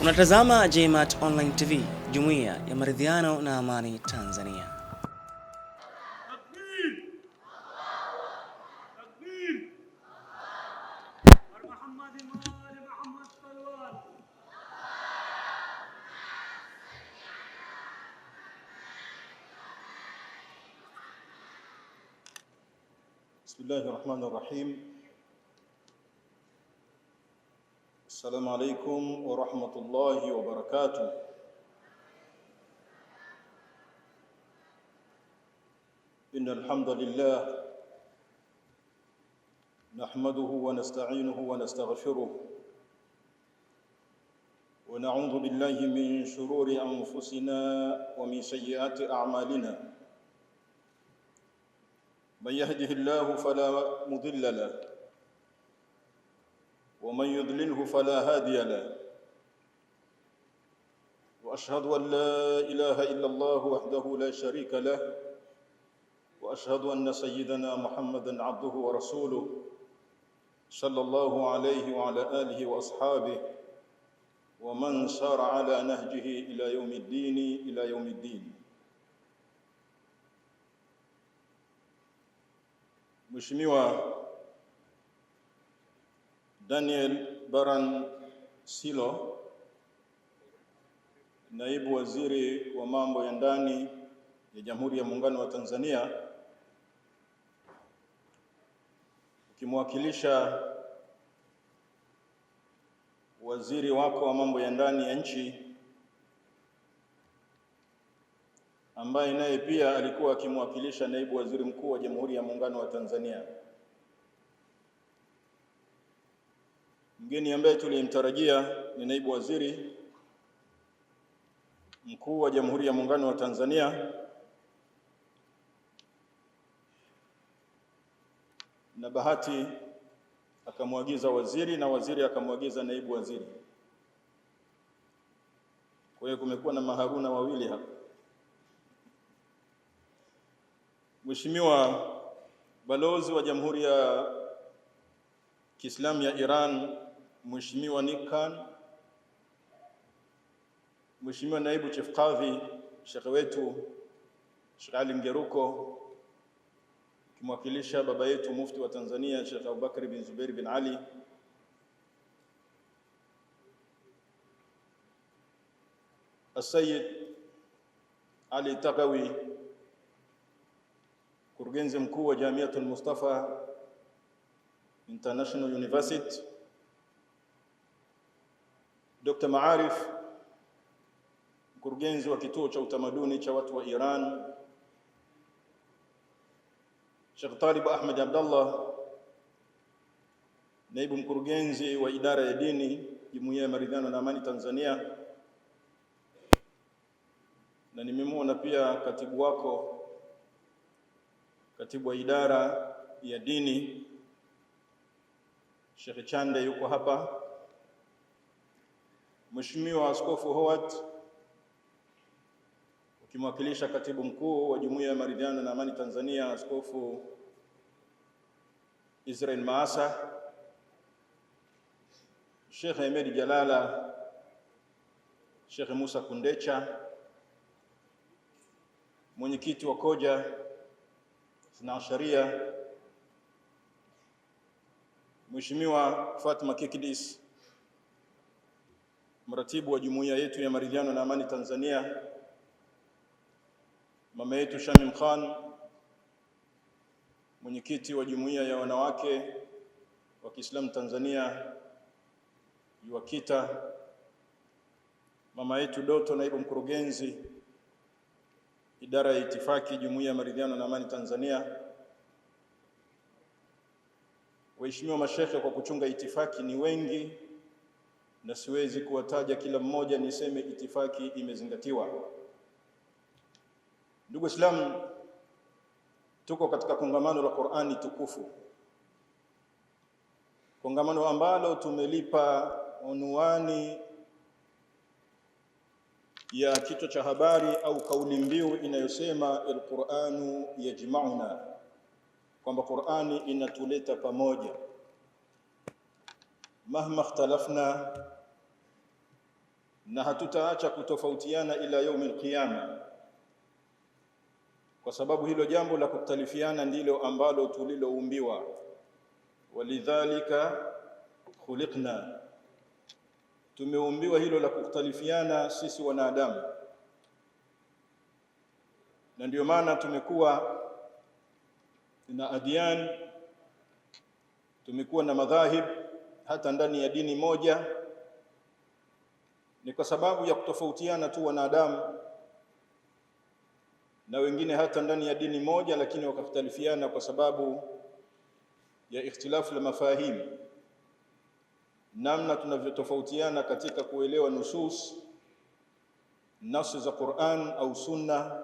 Unatazama JMAT Online TV, Jumuiya ya Maridhiano na Amani Tanzania. Bismillahirrahmanirrahim السلام عليكم ورحمة الله وبركاته إن الحمد لله نحمده ونستعينه ونستغفره ونعوذ بالله من شرور أنفسنا ومن سيئات أعمالنا من يهده الله فلا مضل له ومن يضلله فلا هادي له واشهد ان لا اله الا الله وحده لا شريك له واشهد ان سيدنا محمدا عبده ورسوله صلى الله عليه وعلى اله واصحابه ومن سار على نهجه الى يوم الدين الى يوم الدين مشموى Daniel Baran Silo, naibu waziri wa mambo ya ndani ya Jamhuri ya Muungano wa Tanzania, ukimwakilisha waziri wako wa mambo ya ndani ya nchi ambaye naye pia alikuwa akimwakilisha naibu waziri mkuu wa Jamhuri ya Muungano wa Tanzania. Mgeni ambaye tulimtarajia ni naibu waziri mkuu wa Jamhuri ya Muungano wa Tanzania, na bahati akamwagiza waziri na waziri akamwagiza naibu waziri. Kwa hiyo kumekuwa na maharuna wawili hapa. Mheshimiwa Balozi wa Jamhuri ya Kiislamu ya Iran Mheshimiwa Nick Khan, Mheshimiwa Naibu Chief Kadhi, shekhe wetu Sheikh Ali Mgeruko, kimwakilisha baba yetu mufti wa Tanzania Sheikh Abubakar bin Zubair bin Ali, Asayid Ali tagawi mkurugenzi mkuu wa Jamiatul Mustafa International University Dr. Maarif mkurugenzi wa kituo cha utamaduni cha watu wa Iran, Sheikh Talib Ahmed Abdallah naibu mkurugenzi wa idara ya dini Jumuiya ya Maridhiano na Amani Tanzania, na nimemwona pia katibu wako, katibu wa idara ya dini Sheikh Chande yuko hapa Mheshimiwa Askofu Howard ukimwakilisha katibu mkuu wa Jumuiya ya Maridhiano na Amani Tanzania, Askofu Israel Maasa, Sheikh Ahmed Jalala, Sheikh Musa Kundecha, mwenyekiti wa Koja Snaasharia, Mheshimiwa Fatma Kikidis mratibu wa jumuiya yetu ya maridhiano na amani Tanzania, mama yetu Shamim Khan, mwenyekiti wa jumuiya ya wanawake wa Kiislamu Tanzania UWAKITA, mama yetu Doto, naibu mkurugenzi idara ya itifaki jumuiya ya maridhiano na amani Tanzania, waheshimiwa mashekhe kwa kuchunga itifaki ni wengi na siwezi kuwataja kila mmoja, niseme itifaki imezingatiwa. Ndugu Islam, tuko katika kongamano la Qur'ani tukufu, kongamano ambalo tumelipa unwani ya kichwa cha habari au kauli mbiu inayosema alquranu yajmauna, kwamba Qur'ani inatuleta pamoja mahma ikhtalafna, na hatutaacha kutofautiana ila yaumi alqiyama, kwa sababu hilo jambo la kukhtalifiana ndilo ambalo tuliloumbiwa. Walidhalika khuliqna, tumeumbiwa hilo la kukhtalifiana sisi wanadamu, na ndio maana tumekuwa na adian, tumekuwa na madhahib hata ndani ya dini moja, ni kwa sababu ya kutofautiana tu wanadamu, na wengine hata ndani ya dini moja, lakini wakakhtalifiana kwa sababu ya ikhtilafu la mafahimu, namna tunavyotofautiana katika kuelewa nusus nasi za Qur'an au sunna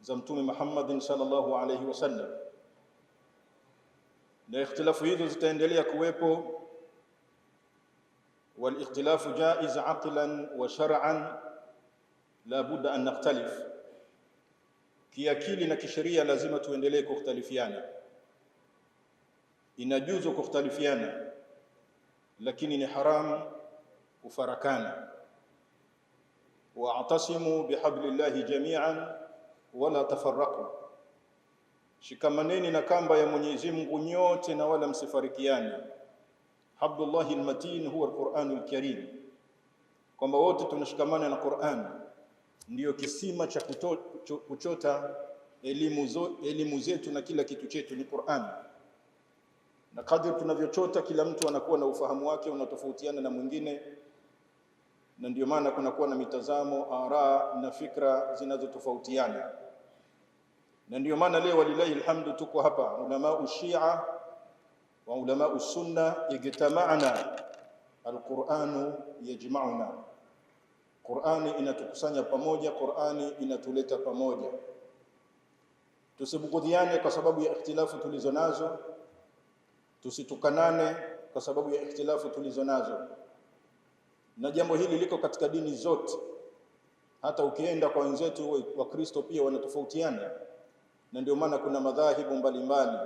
za Mtume Muhammadin sallallahu alayhi wasallam, na ikhtilafu hizo zitaendelea kuwepo والاختلاف جائز عقلا وشرعا la budda an naktalif kiakili na kisheria lazima tuendelee kukhtalifiana inajuzu kukhtalifiana lakini ni haramu kufarakana واعتصموا بحبل الله جميعا ولا تفرقوا shikamaneni na kamba ya Mwenyezi Mungu nyote na wala msifarikiane al-Matin huwa al karim, kwamba wote tunashikamana na Qur'an, ndiyo kisima cha kuchota elimu, zo, elimu zetu na kila kitu chetu ni Qur'an, na kadri tunavyochota kila mtu anakuwa na ufahamu wake unatofautiana na mwingine, na ndio maana kunakuwa na mitazamo, ara na fikra zinazotofautiana, na ndio maana leo walilahi alhamdu tuko hapa ulamau ushia wa ulama sunna yajtama'na alquranu yajma'una, Qurani inatukusanya pamoja, Qurani inatuleta pamoja. Tusibugudhiane kwa sababu ya ikhtilafu tulizonazo tusitukanane kwa sababu ya ikhtilafu tulizo nazo, na jambo hili liko katika dini zote. Hata ukienda kwa wenzetu Wakristo pia wanatofautiana, na ndio maana kuna madhahibu mbalimbali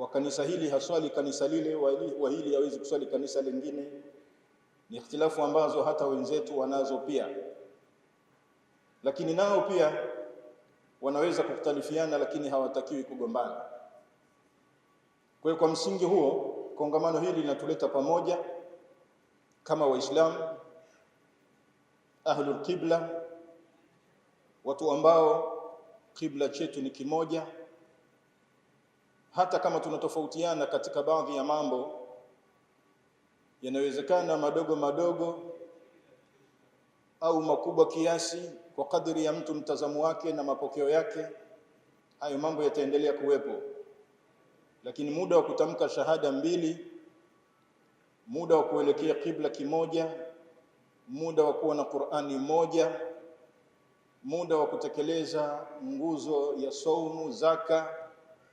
wa kanisa hili haswali kanisa lile, wa hili hawezi kuswali kanisa lingine. Ni ikhtilafu ambazo hata wenzetu wanazo pia, lakini nao pia wanaweza kukutalifiana lakini hawatakiwi kugombana. Kwa kwa msingi huo kongamano hili linatuleta pamoja kama Waislamu ahlul qibla, watu ambao kibla chetu ni kimoja hata kama tunatofautiana katika baadhi ya mambo yanawezekana madogo madogo au makubwa kiasi, kwa kadri ya mtu mtazamo wake na mapokeo yake, hayo mambo yataendelea kuwepo. Lakini muda wa kutamka shahada mbili, muda wa kuelekea kibla kimoja, muda wa kuwa na Qur'ani moja, muda wa kutekeleza nguzo ya saumu, zaka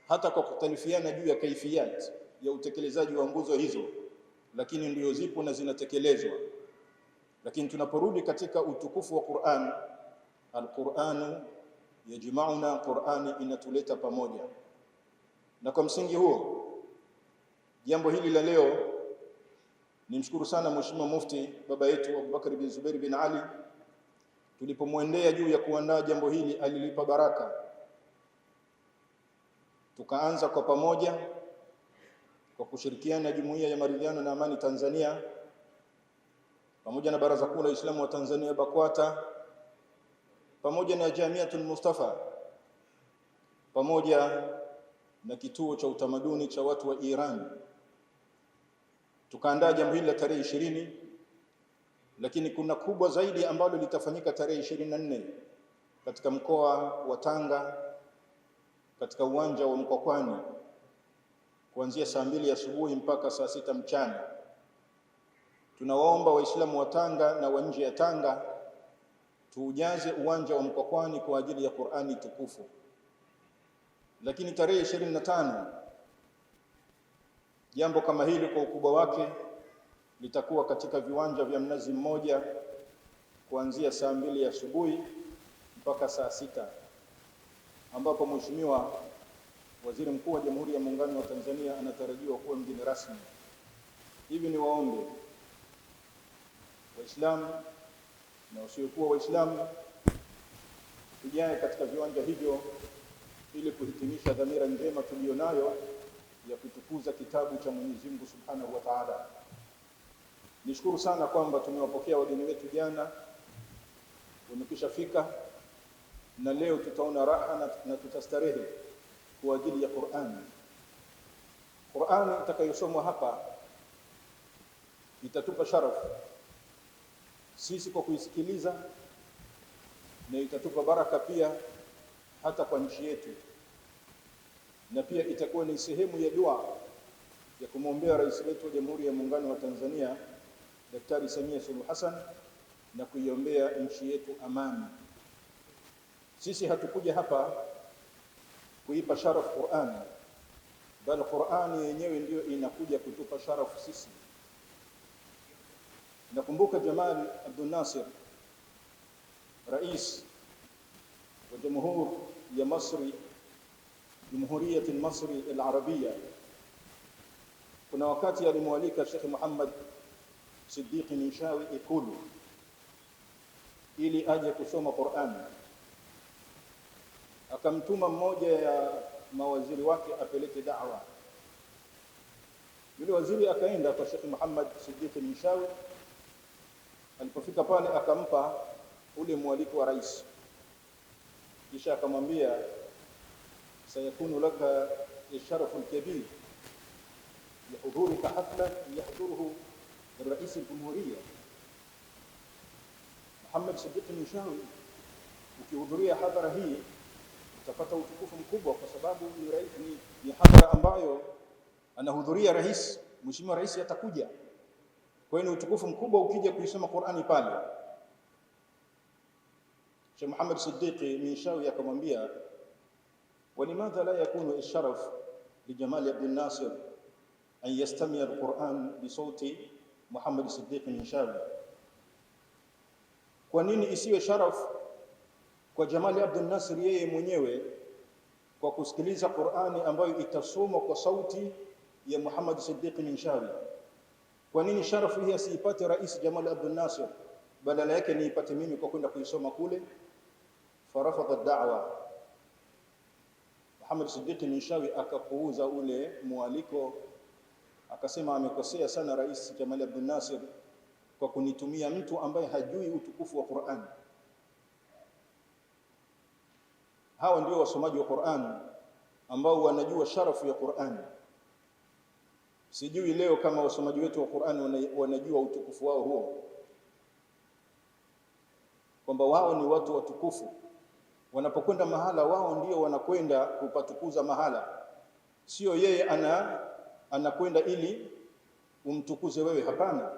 hata kwa kutalifiana juu ya kaifiyat ya utekelezaji wa nguzo hizo, lakini ndio zipo na zinatekelezwa. Lakini tunaporudi katika utukufu wa Qur'an, al yajma'una, Qur'ani inatuleta pamoja. Na kwa msingi huo jambo hili la leo, nimshukuru sana Mheshimiwa Mufti baba yetu abubakari bin Zubair bin Ali, tulipomwendea juu ya kuandaa jambo hili alilipa baraka Tukaanza kwa pamoja kwa kushirikiana na Jumuiya ya Maridhiano na Amani Tanzania pamoja na Baraza Kuu la Waislamu wa Tanzania BAKWATA pamoja na Jamiatul Mustafa pamoja na kituo cha utamaduni cha watu wa Iran tukaandaa jambo hili la tarehe ishirini, lakini kuna kubwa zaidi ambalo litafanyika tarehe ishirini na nne katika mkoa wa Tanga katika uwanja wa Mkwakwani kuanzia saa mbili asubuhi mpaka saa sita mchana. Tunawaomba Waislamu wa Tanga na wa nje ya Tanga tuujaze uwanja wa Mkwakwani kwa ajili ya Qur'ani tukufu. Lakini tarehe ishirini na tano jambo kama hili kwa ukubwa wake litakuwa katika viwanja vya Mnazi Mmoja kuanzia saa mbili asubuhi mpaka saa sita ambapo Mheshimiwa Waziri Mkuu wa Jamhuri ya Muungano wa Tanzania anatarajiwa kuwa mgeni rasmi. Hivi ni waombe Waislamu na wasiokuwa Waislamu tujae katika viwanja hivyo ili kuhitimisha dhamira njema tuliyonayo ya kutukuza kitabu cha Mwenyezi Mungu Subhanahu wa Ta'ala. Nishukuru sana kwamba tumewapokea wageni wetu jana wamekwisha fika na leo tutaona raha na, tutastarehe kwa ajili ya Qur'ani. Qur'ani itakayosomwa hapa itatupa sharafu sisi kwa kuisikiliza na itatupa baraka pia hata kwa nchi yetu, na pia itakuwa ni sehemu ya dua ya kumwombea rais wetu wa Jamhuri ya Muungano wa Tanzania Daktari Samia suluh Hassan na kuiombea nchi yetu amani. Sisi hatukuja hapa kuipa sharafu Qur'an, bali Qur'an yenyewe ndiyo inakuja kutupa sharafu sisi. Nakumbuka Jamal Abdul Nasir, rais wa Jamhuri ya Masri, Jamhuriyat al-Masri al-Arabia, kuna wakati alimwalika Sheikh Muhammad Siddiq Nishawi Ikulu ili aje kusoma Qur'an akamtuma mmoja ya mawaziri wake apeleke da'wa. Yule waziri akaenda kwa Sheikh Muhammad Siddiq Mshawi. Alipofika pale, akampa ule mwaliko wa rais, kisha akamwambia sayakunu laka sharafu al-kabir lihudhurika hafla yahduruhu ar rais al ljumhuria Muhammad Siddiq Mshawi, ukihudhuria hadhara hii utapata utukufu mkubwa, kwa sababu ni, ni hadhara ambayo anahudhuria rais, mheshimiwa rais atakuja. Kwa hiyo ni utukufu mkubwa ukija kuisoma Qur'ani pale. Sheikh Muhammad Siddiqi Minshawi akamwambia, limadha la yakunu isharaf jamal Abdul Nasir an al-Qur'an bi bisauti Muhammad Siddiq Minshawi, kwa nini isiwe sharaf kwa Jamali Abdul Nasir yeye mwenyewe kwa kusikiliza Qur'ani ambayo itasomwa kwa sauti ya Muhammad Siddiq Minshawi. Kwa nini sharafu hii asiipate Rais Jamali Abdul Nasir badala yake niipate mimi kwa kwenda kuisoma kule? Farafadha da'wa, Muhammad Siddiq Minshawi akapuuza ule mwaliko, akasema amekosea sana Rais Jamali Abdul Nasir kwa kunitumia mtu ambaye hajui utukufu wa Qur'ani. Hawa ndio wasomaji wa Qur'an ambao wanajua sharafu ya Qur'an. Sijui leo kama wasomaji wetu wa Qur'an wanajua utukufu wao huo, kwamba wao ni watu watukufu. Wanapokwenda mahala, wao ndio wanakwenda kupatukuza mahala, sio yeye ana anakwenda ili umtukuze wewe, hapana.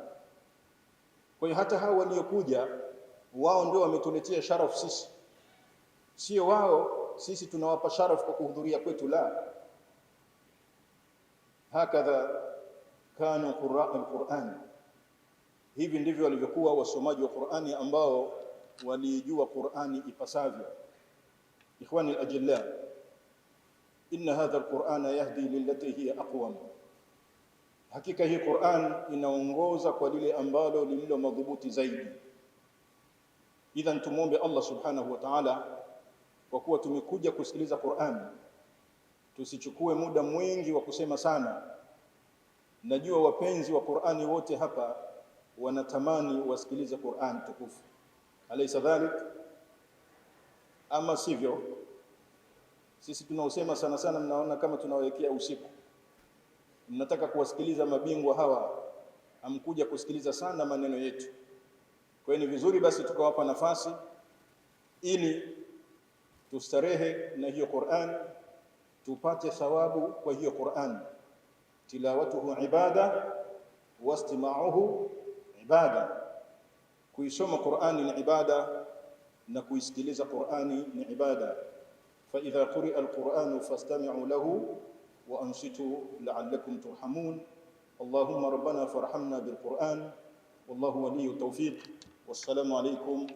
Kwa hiyo hata hao waliokuja, wao ndio wametuletea sharafu sisi sio wao sisi tunawapa sharafu kwa kuhudhuria kwetu. La, hakadha kanu quraa alquran, hivi ndivyo walivyokuwa wasomaji wa Qurani ambao walijua Qurani ipasavyo. Ikhwani alajilla, inna hadha alqurana yahdi lillati hiya aqwam, hakika hii Quran inaongoza kwa lile ambalo lililo madhubuti zaidi. Idhan tumwombe Allah subhanahu wa ta'ala kwa kuwa tumekuja kusikiliza Qur'an, tusichukue muda mwingi wa kusema sana. Najua wapenzi wa Qur'ani wote hapa wanatamani wasikilize Qur'an tukufu, alaysa dhalik? Ama sivyo? Sisi tunaosema sana sana, mnaona kama tunawawekea usiku. Mnataka kuwasikiliza mabingwa hawa, amkuja kusikiliza sana maneno yetu. Kwa hiyo ni vizuri basi tukawapa nafasi ili tustarehe na hiyo Qur'an, tupate thawabu kwa hiyo Qur'an. Tilawatuhu ibada, wastimauhu ibada. Kuisoma Qur'ani ni ibada na kuisikiliza Qur'ani ni ibada. fa idha فإذا قرئ القرآن فاستمعوا له وأنصتوا لعلكم ترحمون اللهم ربنا فارحمنا بالقرآن والله ولي التوفيق والسلام عليكم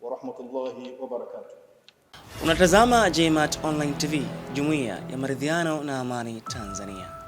ورحمة الله وبركاته Unatazama JMAT Online TV, Jumuiya ya Maridhiano na Amani Tanzania.